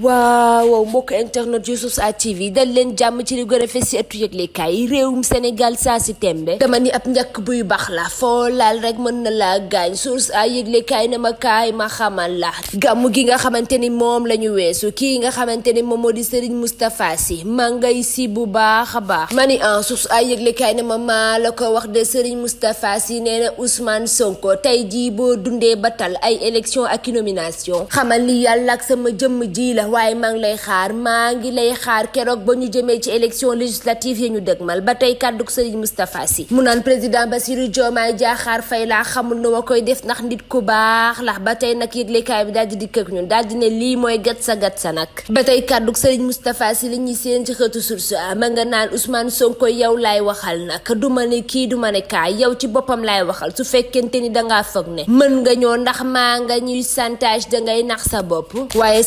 waaw mbokk internet yu Source yi dal leen jàmm ci li gën a fes ci ëttu yëglekaay yi réewum Sénégal saa si tembe dama ni ab njàkk buy baax la foo laal rek mën na laa gaañ Source ay yëglekaay na ma kaay ma xamal la gàmm gi nga xamante ni moom la ñu weesu kii nga xamante ni moom moo di Serigne Moustapha Sy maa ngay si bu baax a baax ma ni en ah, Source ay yëglekaay na ma maa la ko wax de Serigne Moustapha Sy nee na Ousmane Sonko tey jii boo dundee ba tal ay élection ak nomination xamal ni yàlla ak sama jëmm ji la la waaye maa ngi lay xaar maa ngi lay xaar keroog ba ñu jëmee ci élection législative yi ñu mal ba tey kàddug sëriñ Moustapha si mu naan président ba si Bassirou Diomaye Diakhar Faye laa xamul nu ma koy def ndax nit ku baax la ba tey nag yëglekaay bi daal di dikk ñun daal di lii mooy gat sa gat sa nag ba tey kàddug Serigne Moustapha Sy li ñuy seen ci xëtu source ma nga naan Ousmane Sonko yow laay waxal nag du ma ne kii du ma ne kaa yow ci boppam laay waxal su fekkente ni dangaa foog ne mën nga ñoo ndax maa nga ñuy santage dangay nax sa bopp waaye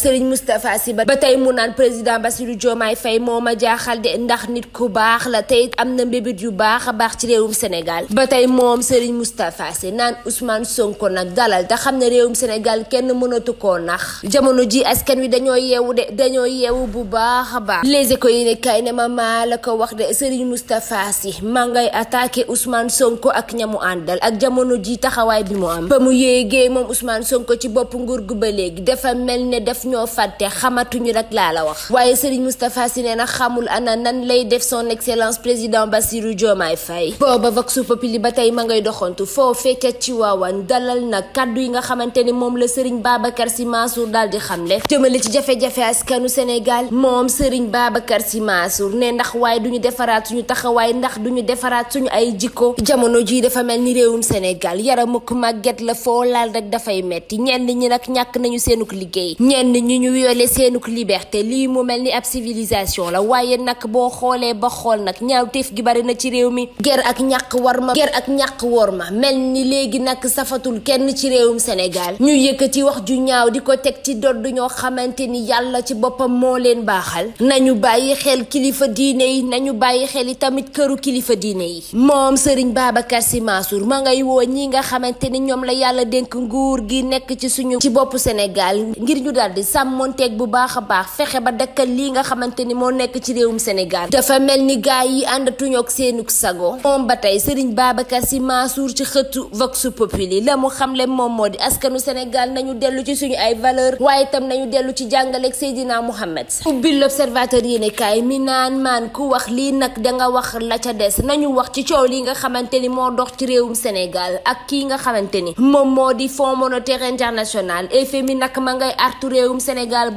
Moustapha Sy ba tey mu naan président Bassirou Diomaye Faye moo a jaaxal de ndax nit ku baax la tey am na mbébét yu baax a baax ci réewum Sénégal ba tey moom Serigne Moustapha Sy naan Ousmane Sonko nag dalal te xam ne réewum Sénégal kenn mënatu koo nax jamono ji askan wi dañoo yeewu de dañoo yeewu bu baax a baax les écoles yi ne kay ma la ko wax de Serigne Moustapha Sy maa ngay attaqué Ousmane Sonko ak ñamu àndal ak jamono ji taxawaay bi mu am ba mu yéegee moom Ousmane Sonko ci bopp nguur gu ba léegi dafa mel ne daf ñoo fàtte xamatuñu nag laa la wax waaye Serigne Moustapha si nee na xamul ana nan lay def son excellence président Bassirou Diomaye Faye booba vox populi ba tey ma ngay doxantu foo fekk ci waawan dalal nag kàddu yi nga xamante ni moom la Serigne Babacar Sy Mansour daal di xamle jëmale ci jafe-jafe askanu Sénégal moom Serigne Babacar Sy ne ndax waaye duñu defaraat suñu taxawaay ndax duñu defaraat suñu ay jikko jamono jii dafa mel ni réewum Sénégal yaramuk màgget la foo laal rek dafay metti ñenn ñi nag ñàkk nañu seenuk liggéey ñenn wane seenuk liberté lii mu mel ni ab civilisation la waaye nag boo xoolee ba xool nag ñaaw ñaawteef gi bari na ci réew mi ger ak ñàq war ma ger ak ñaq war ma mel ni léegi nag safatul kenn ci réewum Sénégal ñu yëkkati wax ju ñaaw di ko teg ci dodd ñoo xamante ni yàlla ci boppam moo leen baaxal nañu bàyyi xel kilifa diine yi nañu bàyyi xel i tamit këru kilifa diine yi moom Serigne Babacar Sy Mansour ma ngay woo ñi nga xamante ni ñoom la yàlla dénk nguur gi nekk ci suñu ci boppu Sénégal yeeg bu baax a baax fexe ba dakkal lii nga xamante ni moo nekk ci réewum Sénégal dafa mel ni gaa yi àndatuñu ak seenug sago moom ba tey Serigne Babacar Sy Mansour ci xëtu Vox Populi la mu xamle moom moo di askanu Sénégal nañu dellu ci suñu ay valeur waaye itam nañu dellu ci jàngaleeg Seydina Mouhamed ubbi l'observateur yéene kaay mi naan maan ku wax lii nag danga wax la ca des nañu wax ci coow lii nga xamante ni moo dox ci réewum Sénégal ak kii nga xamante ni moom moo di Fonds monétaire international FMI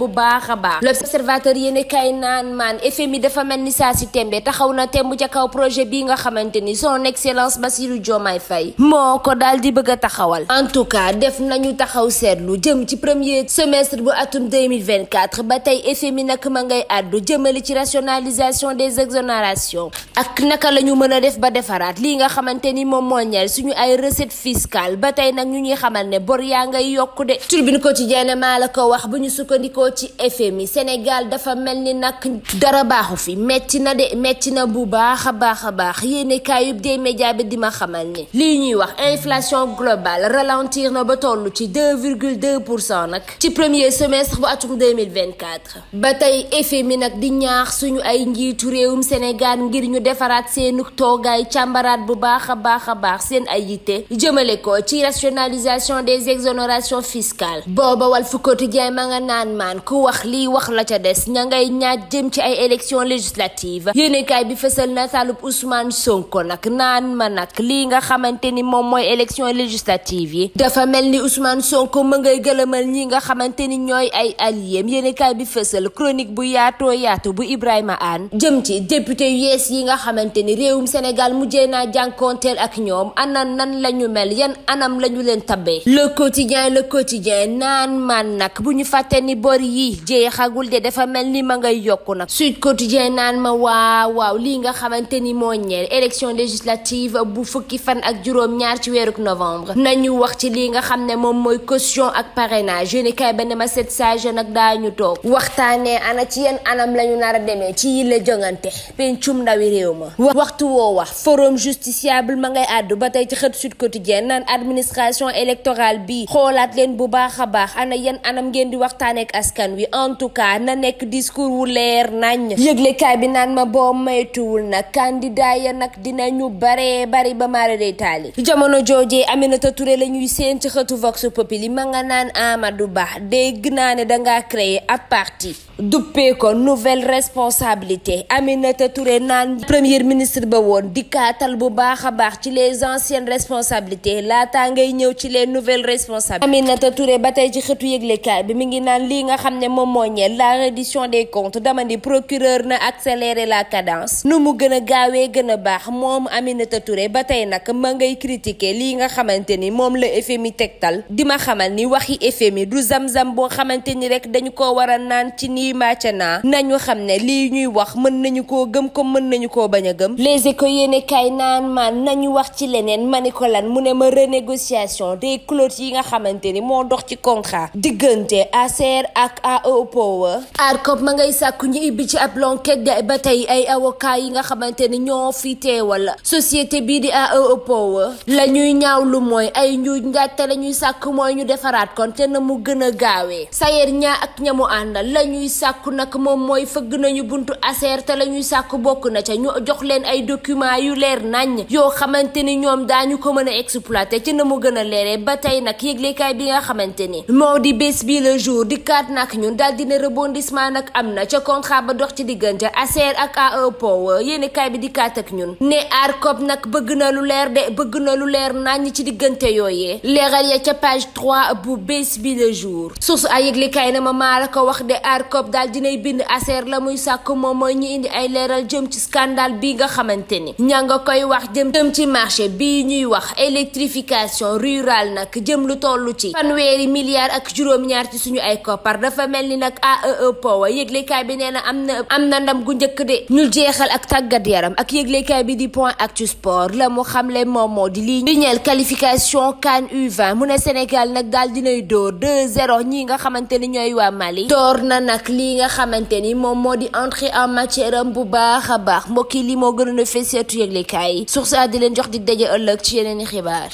bu baax a baax l'observateur yéen kay naan maan FMI dafa mel ni saa si tembe taxaw na temb ca kaw projet bii nga xamante ni son excellence lu Diomaye Faye moo ko dal di bëgg a taxawal en tout cas def nañu taxaw seetlu jëm ci premier semestre bu atum 2024 ba tey FMI nag ma ngay àddu jëmale ci rationalisation des exonérations ak naka la ñu mën a def ba defaraat lii nga xamante ni moom moo ñeel suñu ay recette fiscale ba tey nag ñu ñuy xamal ne bor yaa ngay yokku de turbine quotidienne maa la ko wax bu ñu sukkandikoo ci FMI Sénégal dafa mel ni nag dara baaxu fi metti na de metti na bu baax a baax a baax yéene kaayub des média bi di ma xamal ni lii ñuy wax inflation globale ralentir na ba toll ci 2,2 pour cent nag ci premier semestre bu atum 2024 ba tey FMI nag di ñaax suñu ay njiitu réewum Sénégal ngir ñu defaraat seenu toogaay càmbaraat bu baax a baax a baax seen ay yitte jëmale ko ci rationalisation des exonérations fiscales booba Walf Quotidien ma nga naan maan ku wax lii wax la ca des ña ngay ñaaj jëm ci ay élections législatives yéenekaay bi fësal na taalub Ousmane Sonko nag naan ma nag lii nga xamante ni moom mooy élection législative yi dafa mel ni Ousmane Sonko ma ngay gëlëmal ñi nga xamante ni ñooy ay alliés yéenekaay bi fësal chronique bu yaatoo yaatu bu Ibrahima Anne jëm ci député yu yees yi nga xamante ni réewum Sénégal mujjee naa jànkoonteel ak ñoom ana nan la ñu mel yan anam lañu ñu leen tabbee le quotidien yi jeexagul de dafa mel ni ma ngay yokku nag Sud Quotidien naan ma waaw waaw lii nga xamante ni moo ñeel élection législative bu fukki fan ak juróom-ñaar ci weeruk novembre nañu wax ci lii nga xam ne moom mooy caution ak parrainage yéen kay ba ne ma set sage nag daañu toog waxtaanee ana ci yenn anam lañu nar a demee ci yi la jongante pencum ndawi réew ma waxtu woo wax forum justiciable ma ngay àddu ba tey ci xët Sud Quotidien naan administration électorale bi xoolaat leen bu baax a baax ana yenn anam ngeen di waxtaanee ak askan wi en tout cas na nekk discours wu leer nañ yëglekaay bi naan ma boo maytuwul nag candidat ya nag dinañu bare bari ba maara day taali jamono joojee Aminata Touré la ñuy seen ci xetu vox populi ma nga naan bu baax dégg naa ne dangaa créer ab parti duppee ko nouvelle responsabilité Aminata Touré naan première ministre ba woon dikkaatal bu baax a baax ci les anciennes responsabilité laata ngay ñëw ci les nouvelle responsabilités Aminata Touré xam ne moom moo ñeel la reddition des comptes dama ni procureur na accélérer la cadence nu mu gën a gaawee gën a baax moom Aminata Touré ba tey nag ma ngay critiquer lii nga xamante ni moom la FMI tegtal di ma xamal ni waxi FMI du zam-zam boo xamante ni rek dañu ko war naan ci nii màcca naa nañu xam ne lii ñuy wax mën nañu ko gëm ko mën nañu ko bañ a gëm les éco yéene kay naan maan nañu wax ci leneen ma ni ko lan mu ne ma renégociation des clauses yi nga xamante ni moo dox ci contrat diggante ACR ak AO Power ARCOP ma ngay sàkku ñu ibbi ci ab l'enquête de ba tey ay awokaay yi nga xamante ne ñoo fi teewal société bii di AO Power la ñuy ñaaw lu mooy ay njuuj nga te la ñuy sàkk mooy ñu defaraat kon te mu gën a gaawee sayeer ñaa ak ñamu àndal la ñuy sàkku nag moom mooy fëgg nañu buntu aseer te la ñuy sàkk bokk na ca ñu jox leen ay documents yu leer nañ yoo xamante ni ñoom daañu ko mën a exploiter ci na mu gën a leeree ba tey nag yëglekaay bi nga xamante ni moo di bés bi le jour di nag ak ñun daal dina rebondissement nag am na ca contrat ba dox ci diggante ACR ak AE Power yéeni bi di ak ñun ne ARCOP nag bëgg na lu leer de bëgg na lu leer naññ ci diggante yooyee leeral ya ca page 3 bu bés bi le jour source ay yëglikaay na ma maa la ko wax de aar ARCOP daal nay bind ACR la muy sàkk moom mooy ñu indi ay leeral jëm ci skandaal bi nga xamante ni ña nga koy wax jëm jëm ci marché bii ñuy wax électrification rural nag jëm lu toll ci fanweeri milliards ak juróom-ñaar ci suñu ay koppar dafa dafa mel ni nag AEE e Power yëglekaay bi nee na am na am na ndam gu njëkk de ñu jeexal ak tàggat yaram ak yëglekaay bi di point actu sport la mu xamle moom moo di lii ñeel qualification CAN U20 mu ne Sénégal nag daal dinay dóor 2-0 ñii nga xamante ni ñooy waa Mali door na nag lii nga xamante ni moom moo di entrée en matière am bu baax a baax mbokk yi lii moo gën a fës seetu yëglekaay yi suuf saa di leen jox di daje ëllëg ci yeneen i xibaar